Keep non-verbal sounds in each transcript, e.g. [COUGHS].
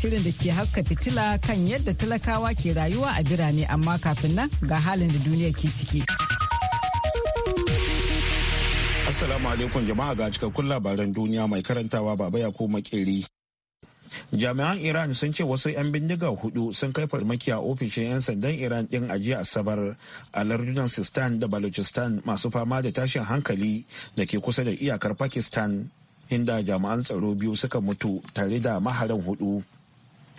shirin da ke haska fitila kan yadda talakawa ke rayuwa a birane amma kafin nan ga halin da duniya ke ciki. Assalamu alaikum jama'a ga cikakkun labaran duniya mai karantawa baba ya koma makeri. Jami'an Iran sun ce wasu 'yan bindiga hudu sun kai farmaki a ofishin 'yan sandan Iran din a jiya Asabar a lardunan Sistan da Balochistan masu fama da tashin hankali da ke kusa da iyakar Pakistan. inda jami'an tsaro biyu suka mutu tare da maharan hudu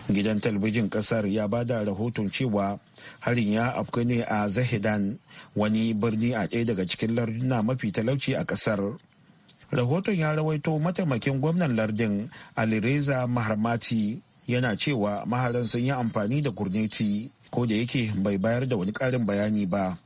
gidan talbijin kasar ya ba da rahoton cewa harin ya afku ne a zahidan wani birni a ɗaya daga cikin larduna mafi talauci a kasar rahoton ya rawaito mataimakin gwamnan lardin alireza maharmati yana cewa maharan sun yi amfani da gurneti ko da yake bai bayar da wani ƙarin bayani ba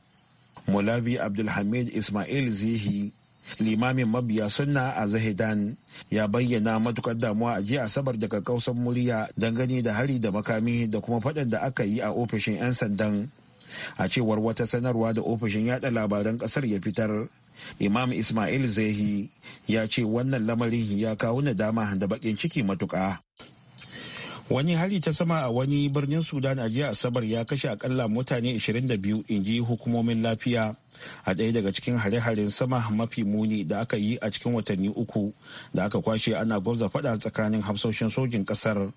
mulavi abdulhamid ismail zihi limamin mabiya sunna a zahidan ya bayyana matukar damuwa a jiya asabar daga kausan murya dangane da hari da makami da kuma faɗan da aka yi a ofishin 'yan sandan a cewar wata sanarwa da ofishin yada labaran ƙasar ya fitar imam ismail zahi ya ce wannan lamarin ya kawo nadama da baƙin ciki matuƙa. wani hali ta sama a wani birnin sudan a jiya asabar ya kashe akalla mutane 22 inji hukumomin lafiya a ɗaya daga cikin hare-haren sama mafi muni da aka yi a cikin watanni uku da aka kwashe ana gwamza faɗa tsakanin hafsoshin sojin ƙasar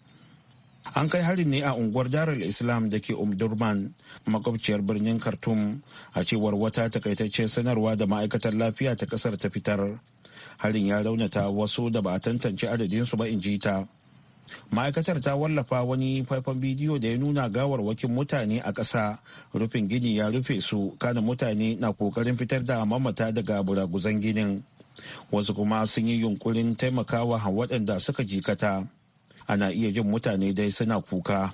an kai harin ne a unguwar darul islam da ke umdurman makwabciyar birnin khartoum a cewar wata takaitaccen sanarwa da ma'aikatar lafiya ta kasar ta fitar harin ya raunata wasu da ba a tantance adadinsu ba in ji ta ma'aikatar ta wallafa wani faifan bidiyo da ya nuna gawar wakin mutane a ƙasa rufin gini ya rufe su kanin mutane na kokarin fitar da mamata daga buraguzan ginin wasu kuma sun yi yunkurin taimakawa waɗanda suka jikata ana iya jin mutane dai suna kuka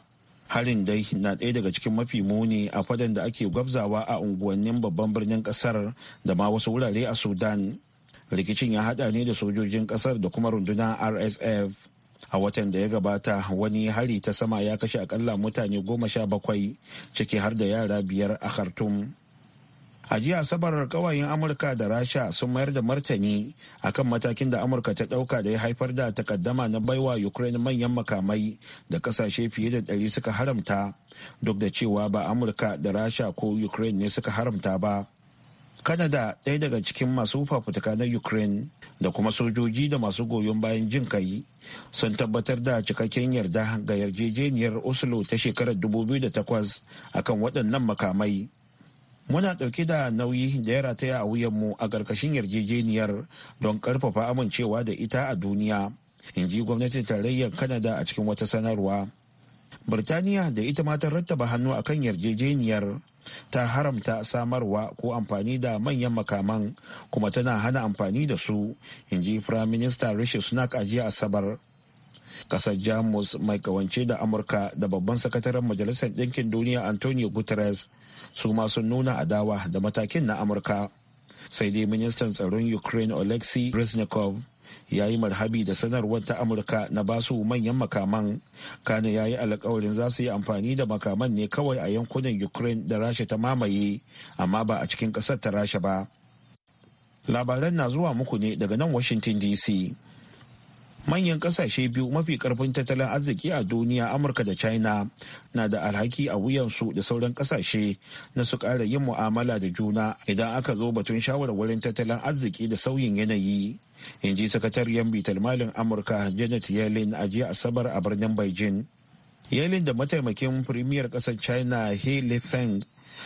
harin dai na ɗaya daga cikin mafi muni a fadan da ake gwabzawa a unguwannin babban birnin ƙasar da ma wasu wurare a sudan rikicin ya haɗa ne da sojojin ƙasar da kuma rundunar rsf a watan da ya gabata wani hari ta sama ya kashe akalla mutane goma sha bakwai ciki har da yara biyar a khartoum a jiya asabar kawayen amurka da rasha sun mayar da martani akan matakin da amurka ta dauka da ya haifar da takaddama na baiwa ukraine manyan makamai da kasashe fiye da ɗari suka haramta duk da cewa ba amurka da rasha ko ukraine ne suka haramta ba kanada ɗaya daga cikin masu fafutuka na Ukraine da kuma sojoji da masu goyon bayan jin kai sun tabbatar da cikakken yarda ga yarjejeniyar Oslo ta shekarar 2008 akan waɗannan makamai. Muna ɗauke da nauyi da ya rataya a mu a ƙarƙashin yarjejeniyar don ƙarfafa amincewa da ita a duniya, in ji gwamnatin tarayyar kanada a cikin wata sanarwa. birtaniya da ita ma ta rattaba hannu akan yarjejeniyar ta haramta samarwa ko amfani da manyan makaman kuma tana hana amfani da su in ji firayim minista rishi sunak a jiya asabar kasar jamus mai kawance da amurka da babban sakataren majalisar ɗinkin duniya antonio guterres su ma sun nuna adawa da matakin na amurka sai dai ministan tsaron ukraine oleksiy reznikov ya yi marhabi da sanarwar ta amurka na basu manyan makaman kane ya yi alkawarin za su yi amfani da makaman ne kawai a yankunan ukraine da rasha ta mamaye amma ba a cikin kasar ta rasha ba labaran na zuwa muku ne daga nan washington dc manyan kasashe biyu mafi karfin tattalin arziki a duniya amurka da china na da alhaki a wuyansu da sauran kasashe na su ƙara yin mu'amala da juna idan aka zo batun shawarwarin tattalin arziki da sauyin yanayi in ji sakatariyar bitar malin amurka janet yellen a jiya asabar a birnin beijing yellen da mataimakin firimiyar kasar china he feng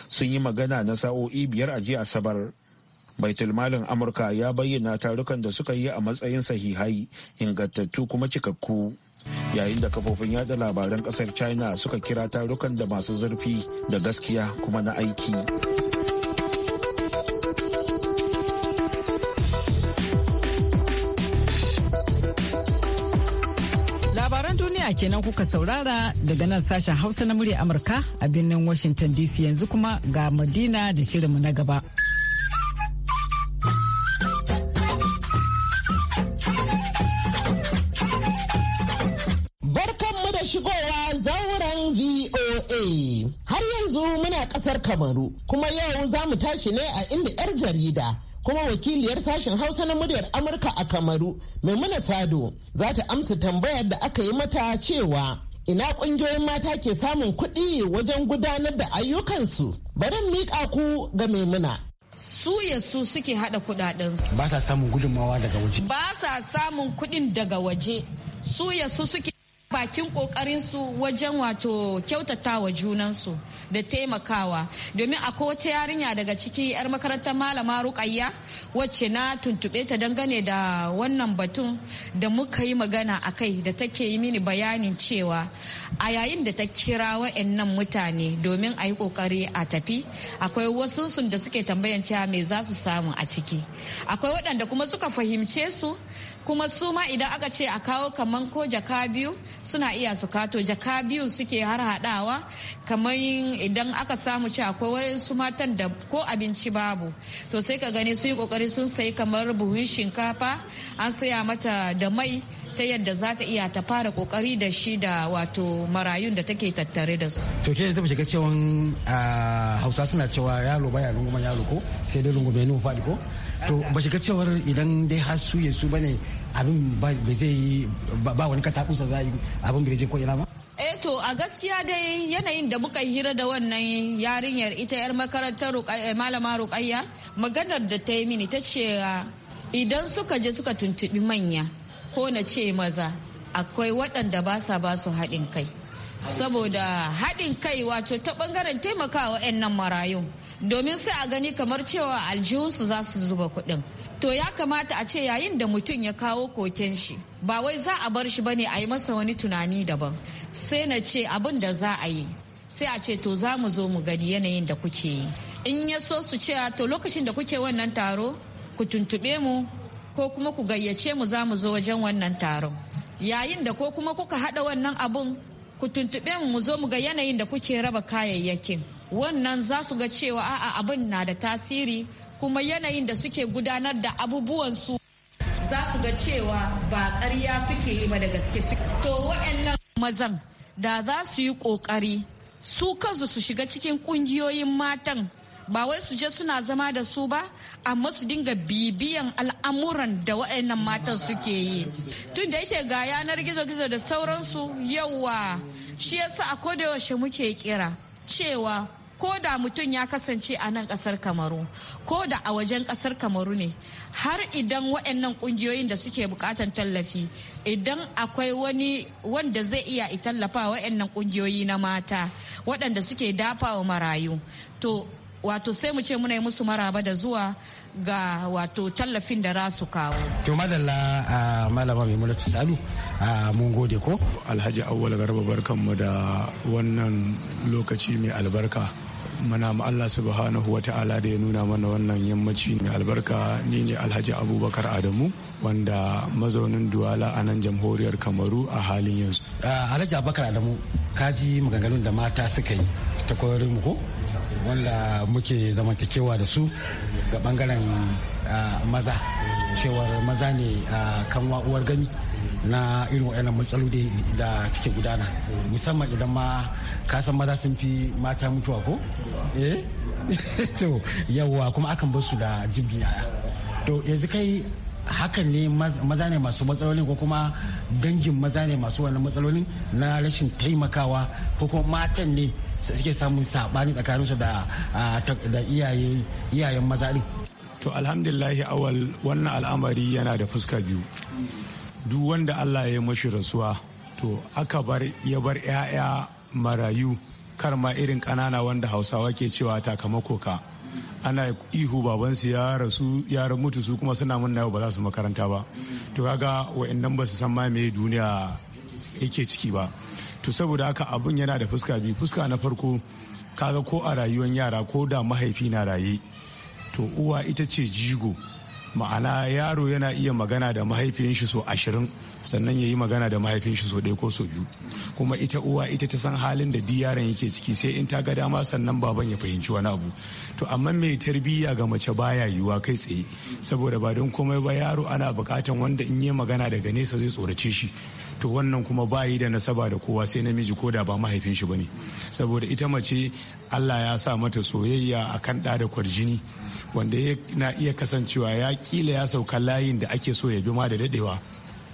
sun yi magana na sa'o'i biyar a jiya asabar malin amurka ya bayyana tarukan da suka yi a matsayin sahihai ingantattu kuma cikakku yayin da kafofin yada labaran kasar china suka kira tarukan da masu zurfi da gaskiya kuma na aiki. duniya kenan kuka saurara daga nan sashen Hausa na murya Amurka a birnin Washington DC yanzu kuma ga Madina da shirinmu na gaba. Barkanmu da shigowa zauren VOA. Har yanzu muna kasar Kamaru kuma yau za mu tashi ne a inda 'yar jarida kuma wakiliyar sashen hausa na muryar amurka a kamaru maimuna sado za ta amsa tambayar da aka yi mata cewa ina ƙungiyoyin mata ke samun kuɗi wajen gudanar da ayyukansu bari miƙa ku ga maimuna su ya su suke hada kuɗaɗensu. ba sa samun gudunmawa daga waje ba sa samun kudin daga waje su ya su suke bakin ƙoƙarinsu wajen wato kyautata wa junansu da taimakawa domin akwai wata yarinya daga ciki yar makarantar malama rukayya wacce na tuntuɓe ta dangane da wannan batun da muka yi magana a kai da take yi mini bayanin cewa a yayin da ta kira wa'annan mutane domin a yi kokari a tafi akwai wasu sun da suke tambayan cewa me za su samu a ciki akwai waɗanda kuma suka fahimce su kuma su ma idan aka ce a kawo kamar ko jaka biyu suna iya su kato jaka biyu suke har haɗawa kamar idan aka samu ce akwai wasu matan da ko abinci babu to sai ka gani sun yi kokari sun sayi kamar buhun shinkafa an saya mata da mai ta yadda za ta iya ta fara kokari da shi da wato marayun da take tattare da su. To ke zai shiga cewa ah, Hausa suna cewa yaro baya runguman yaro ko sai dai rungume nufa ko? to ba shiga cewar idan dai har su ya su bane abin ba zai yi ba wani katakusa za yi abin bai je ko ina ba eh to a gaskiya dai yanayin da muka hira da wannan yarinyar ita yar makarantar eh, malama ruƙayya maganar da ta yi mini ta ce ah, idan suka je suka tuntubi manya ko na ce maza akwai waɗanda ba sa ba su haɗin kai saboda haɗin kai wato ta ɓangaren taimakawa 'yan nan marayu domin sai a gani kamar cewa aljihunsu za su zuba kuɗin to ya kamata a ce yayin da mutum ya kawo koken shi ba wai za a bar shi bane a yi masa wani tunani daban sai na ce abin da za a yi sai a ce to za mu zo mu gani yanayin da kuke yi in ya so su ce to lokacin da kuke wannan taro ku tuntuɓe mu ko kuma ku gayyace mu za mu zo wajen wannan taron yayin da ko kuma kuka haɗa wannan abun ku tuntuɓe mu mu zo mu ga yanayin da kuke raba kayayyakin wannan za su ga cewa a'a abin na da tasiri kuma yanayin da suke gudanar da abubuwansu za su ga cewa ba ƙarya suke yi ba da gaske to wa'annan mazan da za su yi ƙoƙari su kansu su shiga cikin ƙungiyoyin matan ba wai su je suna zama da su ba amma su dinga bibiyan al'amuran da waɗannan matan suke yi tun da yake ga yanar gizo-gizo da sauransu yawa shi yasa a kodayaushe muke kira cewa ko da mutum ya kasance a nan kasar kamaru ko da a wajen kasar kamaru ne har idan waɗannan ƙungiyoyin da suke buƙatar tallafi idan akwai wani wanda zai iya tallafa waɗannan ƙungiyoyi na mata waɗanda suke dafa wa marayu to wato sai mu ce muna yi musu maraba da zuwa ga wato tallafin da rasu kawo. To madalla a malama mai mulatu salu a mun gode ko? Alhaji Awwal Garba mu da wannan lokaci mai albarka. Muna ma Allah subhanahu wa ta'ala da ya nuna mana wannan yammaci mai albarka ni ne Alhaji Abubakar Adamu wanda mazaunin Duwala a nan jamhuriyar Kamaru a halin yanzu. Alhaji Abubakar Adamu kaji maganganun da mata suka yi ta koyar ko? wanda muke zamantakewa da su ga bangaren maza cewar maza ne kan uwar gani na irin wa'yanan matsaloli da suke gudana musamman idan ma kasan maza sun fi mata mutuwa ko eh [LAUGHS] to yawwa kuma akan basu su da jibgin yaya to yanzu kai hakan ne maza ne masu matsalolin ko kuma dangin maza ne masu wannan matsalolin na rashin taimakawa ko kuma matan ne suke samun sabani tsakaninsu da iyayen maza din to alhamdulillahi awal wannan al'amari yana da fuska biyu duk wanda Allah ya mashi rasuwa to aka bar ya bar 'ya'ya marayu kar ma irin ƙanana wanda hausawa ke cewa takamako ka ana ihu babansu ya rasu ya mutu su kuma suna mun yau ba za su makaranta ba to kaga wa'annan ba su san ma me duniya yake ciki ba to saboda haka abun yana da fuska biyu fuska na farko kaga ko a rayuwar yara ko da mahaifi na raye to uwa ita ce jigo ma'ana yaro yana iya magana da mahaifiyan shi so ashirin sannan ya yi magana da mahaifin shi so ɗaya ko so biyu kuma ita uwa ita ta san halin da duk yake ciki sai in ta ga dama sannan baban ya fahimci wani abu to amma mai tarbiyya ga mace baya yiwuwa kai tsaye saboda ba don komai ba yaro ana bukatan wanda in yi magana daga nesa zai tsorace shi to wannan kuma ba yi da nasaba da kowa sai namiji ko da ba mahaifin shi bane saboda ita mace Allah ya sa mata soyayya a kan ɗa da kwarjini wanda na iya kasancewa ya kila ya sauka layin da ake so ya bi ma da dadewa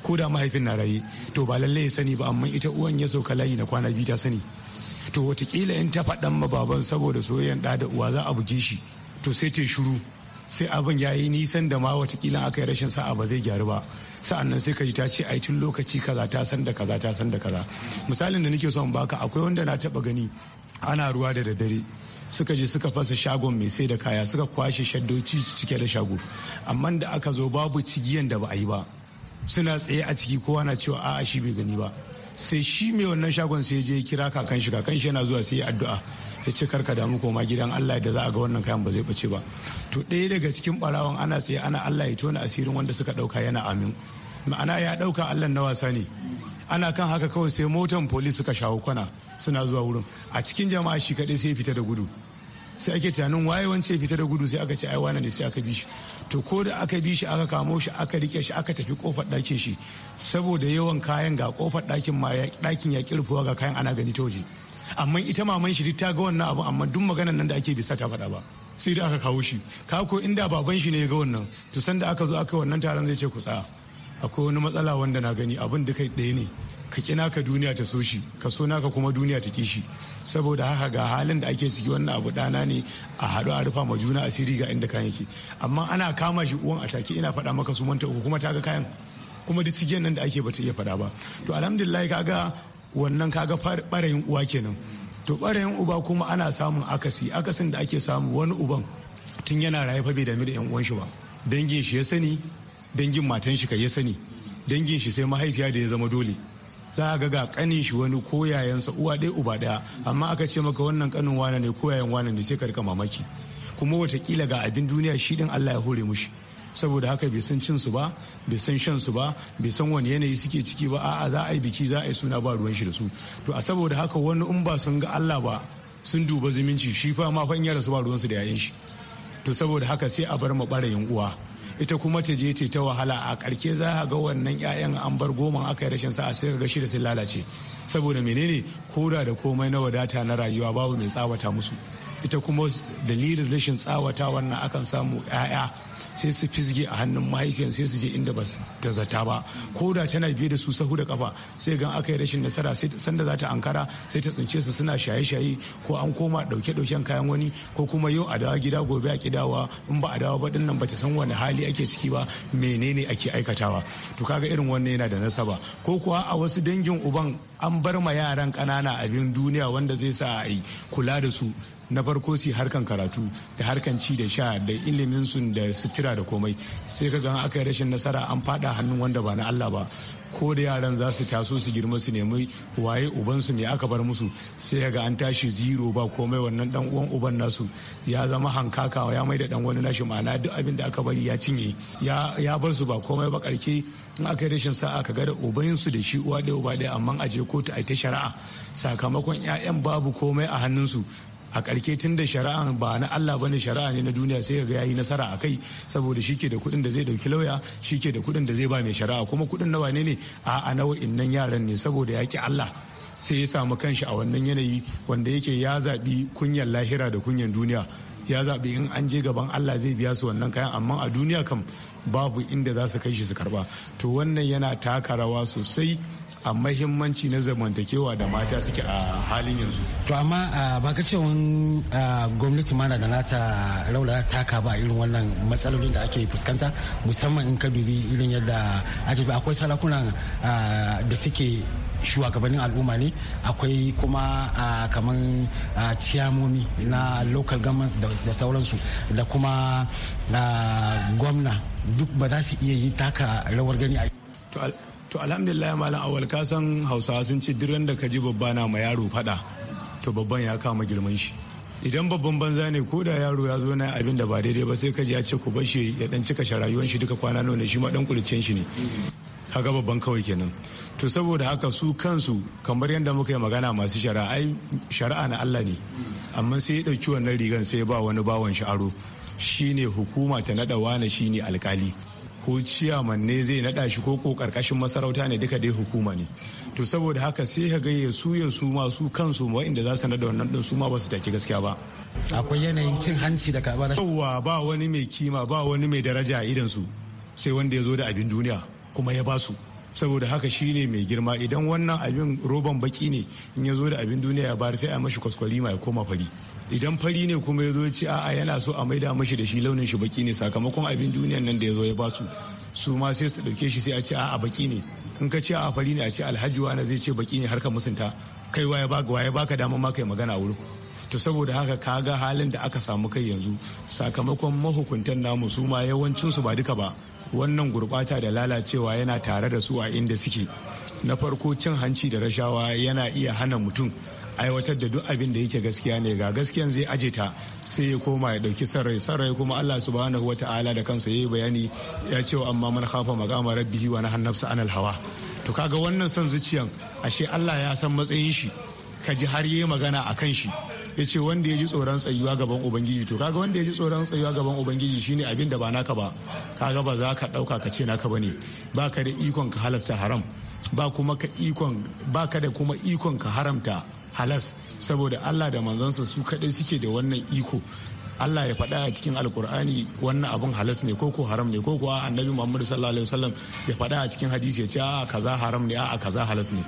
ko da mahaifin na raye to ba lallai ya sani ba amma ita uwan ya sauka layi na kwana biyu ta sani to watakila in ta faɗan ma baban saboda soyayyen ɗa da uwa za a buge shi to sai ta shiru sai abin ya yi nisan da ma watakila aka yi rashin sa'a ba zai gyaru ba sa'an nan sai ka ji ta ce ai tun lokaci kaza ta san da kaza ta san da kaza misalin da nake son baka akwai wanda na taɓa gani ana ruwa da daddare suka je suka fasa shagon mai sai da kaya suka kwashe shaddoci cike da shago amma da aka zo babu cigiyan da ba a yi ba suna tsaye a ciki kowa na cewa a'a shi bai gani ba sai shi mai wannan shagon sai je kira kakan shi kakan shi yana zuwa sai ya addu'a ya ce kar ka damu koma gidan Allah da za a ga wannan kayan ba zai bace ba to ɗaya daga cikin barawan ana tsaye ana Allah ya tona asirin wanda suka dauka yana amin ma'ana ya dauka Allah na wasa ne ana kan haka kawai sai motan polis suka shawo kwana suna zuwa wurin a cikin jama'a shi kaɗai sai fita da gudu sai ake tunanin waye wance fita da gudu sai aka ce aiwana ne sai aka bi shi to ko da aka bi shi aka kamo shi aka rike shi aka tafi kofar ɗakin shi saboda yawan kayan ga kofar ɗakin ma ɗakin ya kirfuwa ga kayan ana gani ta waje amma ita maman shi duk ta ga wannan abu amma duk maganar nan da ake bisa ta faɗa ba sai da aka kawo shi ka ko inda baban shi ne ya ga wannan to sanda aka zo aka wannan taron zai ce ku tsaya akwai wani matsala wanda na gani abin da kai ɗaya ne ka kina ka duniya ta so shi ka so naka kuma duniya ta ki shi saboda haka ga halin da ake ciki wannan abu dana ne a haɗu a rufa ma juna asiri ga inda kayan yake amma ana kama shi uwan a take ina faɗa maka su manta uku kuma ta ga kayan kuma duk cikin nan da ake bata iya faɗa ba to alhamdulillah kaga wannan kaga barayin uwa kenan to ɓarayin uba kuma ana samun akasi akasin da ake samu wani uban tun yana rayuwa bai dami da yan uwan shi ba dangin shi ya sani dangin matan shi kai ya sani dangin shi sai mahaifiya da ya zama dole za a ga ga kanin shi wani koyayensa uwa ɗaya uba ɗaya amma aka ce maka wannan kanin wane ne koyayen wane ne sai ka rika mamaki kuma watakila ga abin duniya shi din Allah ya hore mushi saboda haka bai san cin su ba bai san shan su ba bai san wani yanayi suke ciki ba a'a za a yi biki za a yi suna ba ruwan shi da su to a saboda haka wani in ba sun ga Allah ba sun duba zumunci shi fa ma fa in ya rasu ba ruwan su da yayin shi to saboda haka sai a bar mu barayin uwa ita kuma ta je ta wahala a karke za a ga wannan 'ya'yan an bar goma aka yi rashin sa'a sai ka ga shida sun lalace saboda menene koda da komai na wadata na rayuwa babu mai tsawata musu ita kuma dalilin rashin tsawata wannan akan samu 'ya'ya sai su fisge a hannun mahaifiyar sai su je inda ba ta zata ba ko da tana biye da su sahu da kafa sai gan aka yi rashin nasara sai sanda za ta ankara sai ta tsince su suna shaye-shaye ko an koma dauke-dauken kayan wani ko kuma yau a dawa gida gobe a kidawa in ba a dawa ba din nan ba ta san wani hali ake ciki ba menene ake aikatawa to kaga irin wannan yana da nasaba ko kuwa a wasu dangin uban an bar ma yaran kanana abin duniya wanda zai sa a yi kula da su na farko su harkan karatu da harkan ci da sha da ilimin su da sutura da komai sai ka gan aka yi rashin nasara an fada hannun wanda ba na Allah ba ko da yaran za su taso su girma su nemi waye ubansu ne aka bar musu sai ga an tashi zero ba komai wannan dan uwan uban nasu ya zama hankaka ya mai da dan wani nashi ma'ana duk abin da aka bari ya cinye ya bar su ba komai ba karke in aka yi rashin sa'a ka ga da ubansu da shi uwa ɗaya uba ɗaya amma a je kotu a ta shari'a sakamakon 'ya'yan babu komai a hannun su. a karke tun da shari'a ba na Allah bane shari'a ne na duniya sai ga yayi nasara a kai saboda shike da kuɗin da zai dauki lauya shike da kuɗin da zai ba mai shari'a kuma kuɗin na wane ne a na wa'innan yaran ne saboda yaki Allah sai ya samu kanshi a wannan yanayi wanda yake ya zaɓi kunyan lahira da kunyan duniya ya zabi in an je gaban Allah zai biya su wannan kayan amma a duniya kam babu inda za su kai shi su karba to wannan yana taka rawa sosai a mahimmanci na zamantakewa da mata suke a halin yanzu. To amma ah, ba ka ce wani ah, gwamnati ma da nata raula taka ba irin wannan matsalolin da ake fuskanta musamman in ka dubi irin yadda ake akwai sarakunan ah, da suke shugabannin al'umma ne akwai kuma kamar ciyamomi na local governments da sauransu da kuma gwamna duk ba za su iya yi taka rawar gani a to alhamdulillah malam awal ka san hausawa sun ci duk da ka ji babba na ma yaro fada to babban ya kama girman shi idan babban banza ne ko da yaro ya zo na abin da ba daidai ba sai ka ji ya ce ku bar shi ya dan cika sharayuwan shi duka kwana nawa ne shi ma dan kulcin shi ne kaga babban kawai kenan to saboda haka su kansu kamar yadda muka yi magana masu shari'a ai shari'a na Allah ne amma sai ya dauki wannan rigan sai ba wani bawan shi aro shine hukuma ta nada shi shine alkali ko ciyaman ne zai naɗa shi ko ko karkashin masarauta ne duka dai hukuma ne to saboda haka sai ka gayya su ya su ma su kansu inda za su naɗa wannan ɗin su ma ba su take gaskiya ba akwai yanayin cin hanci da karɓar yawa ba wani mai kima ba wani mai daraja a idan su sai wanda ya zo da abin duniya kuma ya ba su saboda haka shine mai girma idan wannan abin roban baki ne in ya zo da abin duniya ya bayar sai a mashi kwaskwalima ya koma fari idan fari ne kuma ya zo ci a'a yana so a maida mashi da shi launin shi baki ne sakamakon abin duniyan nan da ya zo ya basu su ma sai su dauke shi sai a ce a'a baki ne in ka ce a'a fari ne a ce alhaji wani zai ce baki ne har ka musunta kai waye baka waye baka dama ma kai magana wurin to saboda haka ka ga halin da aka samu kai yanzu sakamakon mahukuntan namu su ma su ba duka ba wannan gurbata da lalacewa yana tare da su a inda suke na farko cin hanci da rashawa yana iya hana mutum aiwatar da duk abin da yake gaskiya ne ga gaskiyan zai aje ta sai ya koma ya dauki sarrai sarrai kuma Allah subhanahu ta'ala da kansa yayi bayani ya ce amma man khafa maqama rabbihi wa nahana nafsa anil hawa to kaga wannan son zuciyan ashe Allah ya san matsayin shi ka ji har yayi magana akan shi ya ce wanda ya ji tsoron tsayuwa gaban ubangiji to kaga wanda ya ji tsoron tsayuwa gaban ubangiji shine abin da ba naka ba kaga ba za ka dauka ka ce naka bane ba ka da ikon ka halasta haram ba kuma ka ikon ba ka da kuma ikon ka haramta halas saboda allah da manzonsa su kaɗai suke da wannan iko Allah ya faɗa a cikin alkur'ani wannan abin halas ne ko ko haram ne ko kuwa annabi Muhammadu sallallahu alaihi wasallam ya faɗa a cikin hadisi ya ce a kaza haram ne a kaza halas ne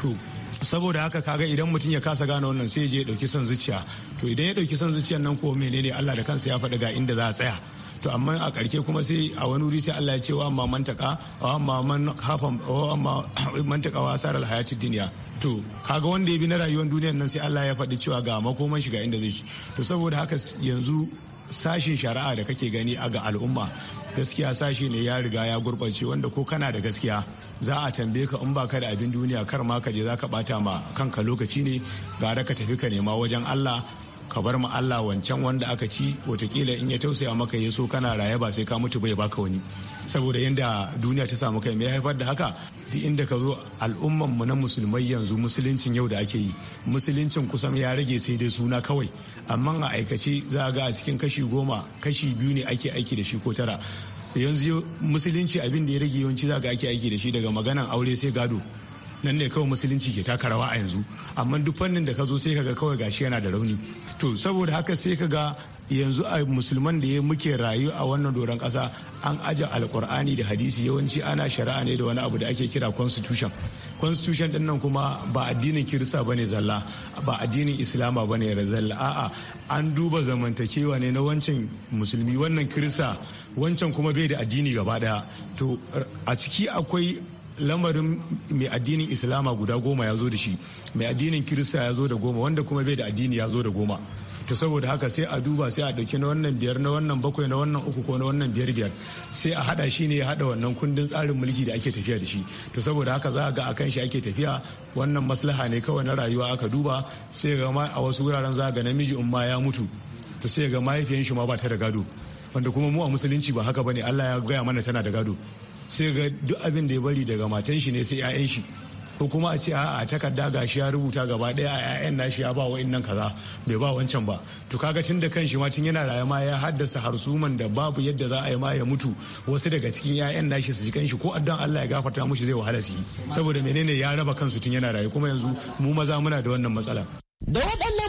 to saboda haka kaga idan mutum ya kasa gane wannan sai ya je ya dauki son zuciya to idan ya dauki son zuciyan nan ko menene Allah da kansa ya faɗa ga inda za a tsaya to amma a karshe kuma sai a wani wuri sai Allah ya ce wa amma mantaka wa amma hafa wa [COUGHS] mantaka wa sarar hayati duniya to kaga wanda ya bi na rayuwar duniyar nan sai Allah ya faɗi cewa ga makoman shiga inda zai shi to saboda haka yanzu sashin shari'a da kake gani a ga al'umma gaskiya sashi ne ya riga ya gurɓace wanda ko kana da gaskiya za a tambaye ka in baka da abin duniya kar ma ka je za ka bata ma kanka lokaci ne gara ka tafi ka nema wajen Allah ka bar mu Allah wancan wanda aka ci watakila in ya tausaya maka ya so kana raye ba sai ka mutu bai baka wani saboda yadda duniya ta samu kai mai haifar da haka duk inda ka zo al'umman mu na musulmai yanzu musuluncin yau da ake yi musuluncin kusan ya rage sai dai suna kawai amma a aikace za ga a cikin kashi goma kashi biyu ne ake aiki da shi ko tara yanzu musulunci abin da ya rage yawanci za ga ake aiki da shi daga maganan aure sai gado nan ne kawai musulunci ke taka rawa a yanzu amma duk fannin da ka zo sai kaga kawai gashi yana da rauni to saboda haka sai kaga yanzu a musulman da ya muke rayu a wannan doron kasa an aje alkur'ani da hadisi yawanci ana shari'a ne da wani abu da ake kira constitution constitution din nan kuma ba addinin kirista bane zalla ba addinin islama bane zalla a'a an duba zamantakewa ne na wancan musulmi wannan kirista wancan kuma bai da addini gaba daya to a ciki akwai lamarin mai addinin islama guda goma ya zo da shi mai addinin kirista ya zo da goma wanda kuma bai da addini ya zo da goma to saboda haka sai a duba sai a dauki na wannan biyar na wannan bakwai na wannan uku ko na wannan biyar biyar sai a haɗa shi ne ya haɗa wannan kundin tsarin mulki da ake tafiya da shi to saboda haka za a ga akan shi ake tafiya wannan maslaha ne kawai na rayuwa aka duba sai ga ma a wasu wuraren za ga namiji in ma ya mutu to sai ga mahaifiyan shi ma ba ta da gado wanda kuma mu a musulunci ba haka bane Allah ya gaya mana tana da gado sai ga duk abin da ya bari daga matan shi ne sai 'ya'yan shi ko kuma a ce a takarda shi ya rubuta gaba daya a 'ya'yan nashi ya ba wa innan kaza bai ba wancan ba to kaga tun da kanshi ma tun yana rayuwa ma ya haddasa harsuman da babu yadda za a yi ma ya mutu wasu daga cikin 'ya'yan nashi su ji kanshi ko addan Allah ya gafarta mushi zai wahala su yi saboda menene ya raba kansu tun yana rayuwa kuma yanzu mu maza muna da wannan matsala da waɗannan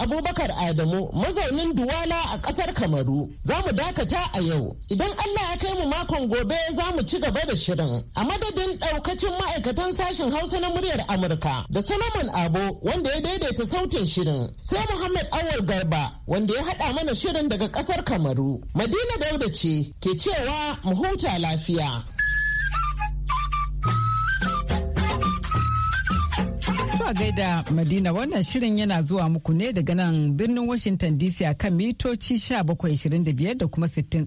Abubakar Adamu mazaunin Duwala a ƙasar Kamaru. Za mu dakata a yau. Idan Allah ya kai mu makon gobe za mu ci gaba da shirin. A madadin ɗaukacin ma'aikatan sashen Hausa na muryar Amurka da Salomon Abo wanda ya daidaita sautin shirin. Sai Muhammad Awal Garba wanda ya haɗa mana shirin daga ƙasar Kamaru. Madina Dauda ce ke cewa mu huta lafiya. a gaida Madina wannan shirin yana zuwa muku ne daga nan birnin Washington DC a kan mitoci 1725 da kuma 60.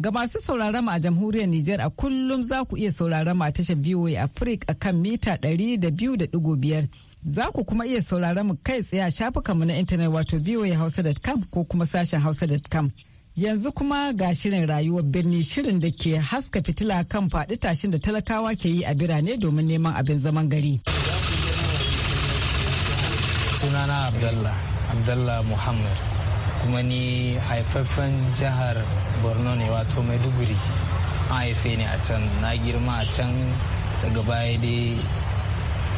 Ga masu sauraron a jamhuriyar Nijar a kullum za ku iya sauraron a tashar VOA Africa a kan mita 200.5. Za ku kuma iya sauraron mu kai tsaye a shafukanmu na intanet wato voahausa.com ko kuma sashen hausa.com. Yanzu kuma ga shirin rayuwar birni shirin da ke haska fitila kan faɗi tashin da talakawa ke yi a birane domin neman abin zaman gari. sunana abdallah abdallah muhammad kuma ni haifaffen jihar borno ne wato maiduguri an haife ne a can na girma a can daga baya dai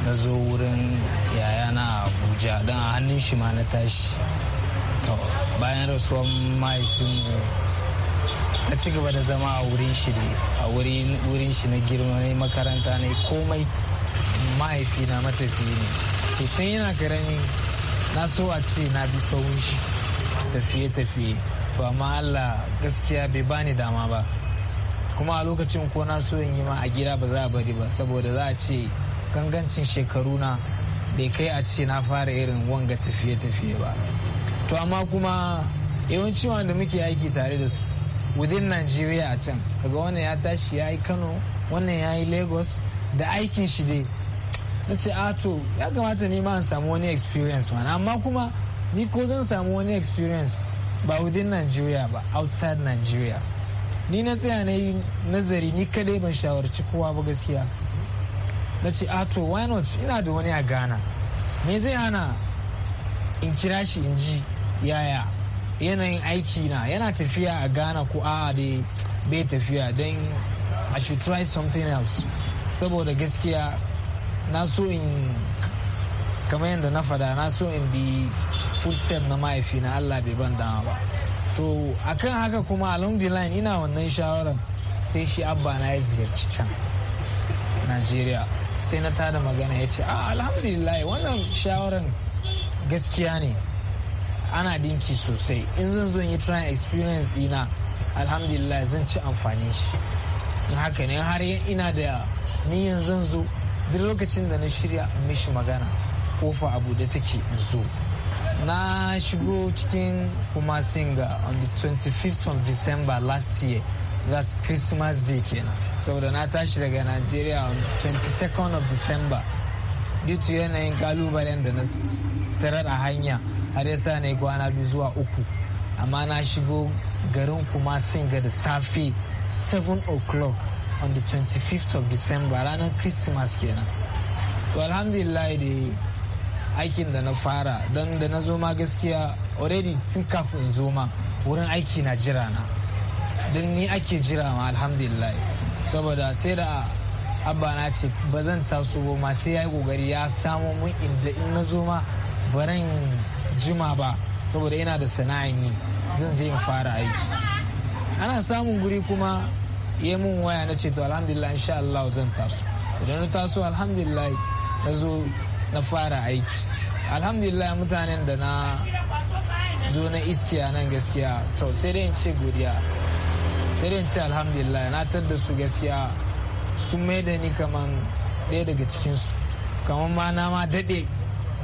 na zo wurin yayana a abuja don a hannun shi ma na tashi bayan rasuwan mahaifinmu na ci gaba da zama a wurin shi ne a wurin shi na girma ne makaranta ne komai na matafi ne to yana karami na so a ce na bi sauran shi tafiye-tafiye to amma allah gaskiya bai bani dama ba kuma a lokacin ko na so in yi ma a gida ba za a bari ba saboda za a ce gangancin shekaru na bai kai a ce na fara irin wanga tafiye-tafiye ba to amma kuma yawanci wanda muke aiki tare da su within nigeria a can kaga wannan ya tashi ya yi kano wannan ya yi lagos da aikin shi dai na ce a ah, to ya kamata ni ma in samu wani experience mana amma kuma ni ko zan samu wani experience ba within nigeria ba outside nigeria ni na tsaya na yi nazari ni kadai ban shawarci kowa ba gaskiya na ce a ah, to why not ina da wani a ghana me zai hana in kira shi in ji yaya yanayin aiki na yana tafiya a ghana ko a dai bai tafiya don i should try something else saboda gaskiya na so in kamar yadda na fada na so in bi footstep na mahaifina allah bai ban dama ba to akan haka kuma along the line ina wannan shawarar sai shi abba na ya ziyarci can najeriya sai na tada magana ya ce a alhamdulillah wannan shawarar gaskiya ne ana dinki sosai in zan zo yi try experience dina alhamdulillah zan ci amfani shi haka ne har ina da niyan zan zo duk lokacin da na shirya mishi magana kofa abu da take in zo na shigo cikin kuma singa on the 25th of december last year that's christmas day kenan saboda na tashi daga nigeria on 22nd of december due to yanayin kalubalen da na tarar a hanya har yasa na yi kwana biyu zuwa uku amma na shigo garin kuma singa da safe 7 o'clock on the 25th of december ranar christmas kenan to alhamdulillah da aikin da na fara don da na zo gaskiya already tun kafin in zo ma wurin aiki na jira na don ni ake jira ma alhamdulillah saboda sai da abba na ce ba zan taso ba ma sai ya yi kokari ya samo mun inda in na zo ma baran jima ba saboda yana da sana'a yi zan je in fara aiki ana samun guri kuma ya mun waya na ce to alhamdulillah insha Allah zan taso idan na taso alhamdulillah na zo na fara aiki alhamdulillah mutanen da na zo na iskiya nan gaskiya to sai dai in ce godiya sai dai in ce alhamdulillah na tar da su gaskiya sun mai da ni kaman ɗaya daga cikinsu kaman ma na ma daɗe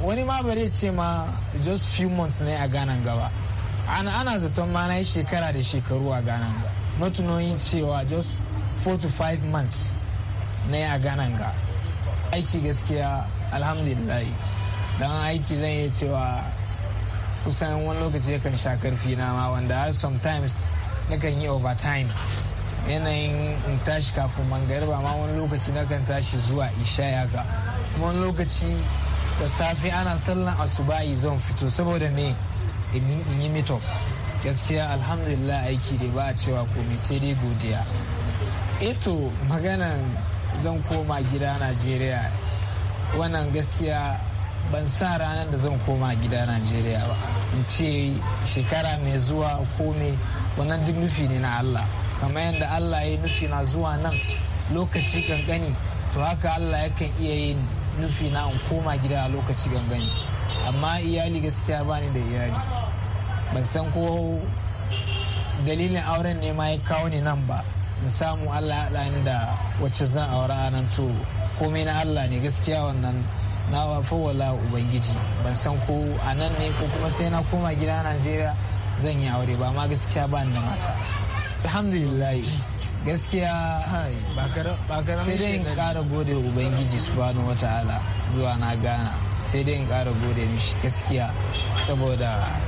wani ma bare ce ma just few months ne a ganan gaba ana zaton ma na yi shekara da shekaru a ganan gaba not knowing cewa just four to five months na yi a ganan ga aiki gaskiya alhamdulillah don aiki zan iya cewa kusan wani lokaci yakan sha karfi na ma wanda sometimes na kan yi overtime yanayin in tashi kafin mangariba ma wani lokaci na kan tashi zuwa isha yaga kuma wani lokaci da safe ana sallan asuba'i zan fito saboda me in yi mito gaskiya alhamdulillah aiki dai ba a cewa komai sai dai godiya eto eh maganan zan koma gida najeriya wannan gaskiya ban sa ranar da zan koma gida najeriya ba in ce shekara mai zuwa kome wannan duk nufi ne na allah kamar yadda allah ya nufi na zuwa nan lokaci kankani to haka allah yakan iya yin nufi na in koma gida a lokaci kankani amma iyali gaskiya bani da iyali ban san ko dalilin auren ne ma ya kawo ni nan ba in samu allah haɗa ni da wacce zan aura nan to komai na allah ne gaskiya wannan na wafa wala ubangiji ban san ko a nan ne ko kuma sai na koma gida najeriya zan yi aure ba ma gaskiya ba ni da mata alhamdulillah gaskiya sai dai in kara gode ubangiji su ni wataala zuwa na gana sai dai in kara gode mishi gaskiya saboda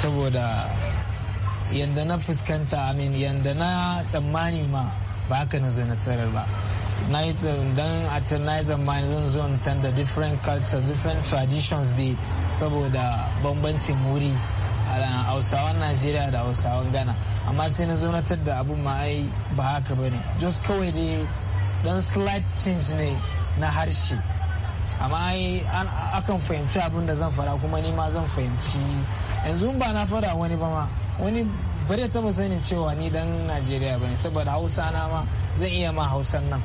saboda yadda na fuskanta amin yadda na tsammani ma ba haka na zo na tsarar ba na yi don a can na yi tsammani zan zo in da different cultures different traditions dey saboda bambancin wuri a hausawan najeriya da hausawan ghana amma sai na zo na tadda abu ma ai ba haka ba ne just kawai dai dan slight change ne na harshe amma akan fahimci abin da zan fara kuma ni ma zan fahimci yanzu ba na fara wani ba ma wani bari taba sanin cewa ni dan najeriya ne saboda hausa na ma zan iya ma hausan nan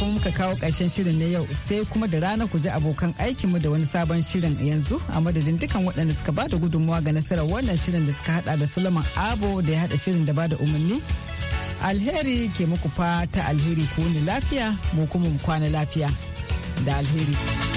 kuma muka kawo ƙarshen shirin na yau sai kuma da rana ku ji abokan aikinmu da wani sabon shirin yanzu a madadin dukan waɗanda suka bada gudunmawa ga nasarar wannan shirin da suka hada da Suleiman Abo da ya hada shirin da bada umarni. Alheri ke muku fata alheri ku wani lafiya mu kuma mu kwana lafiya da alheri.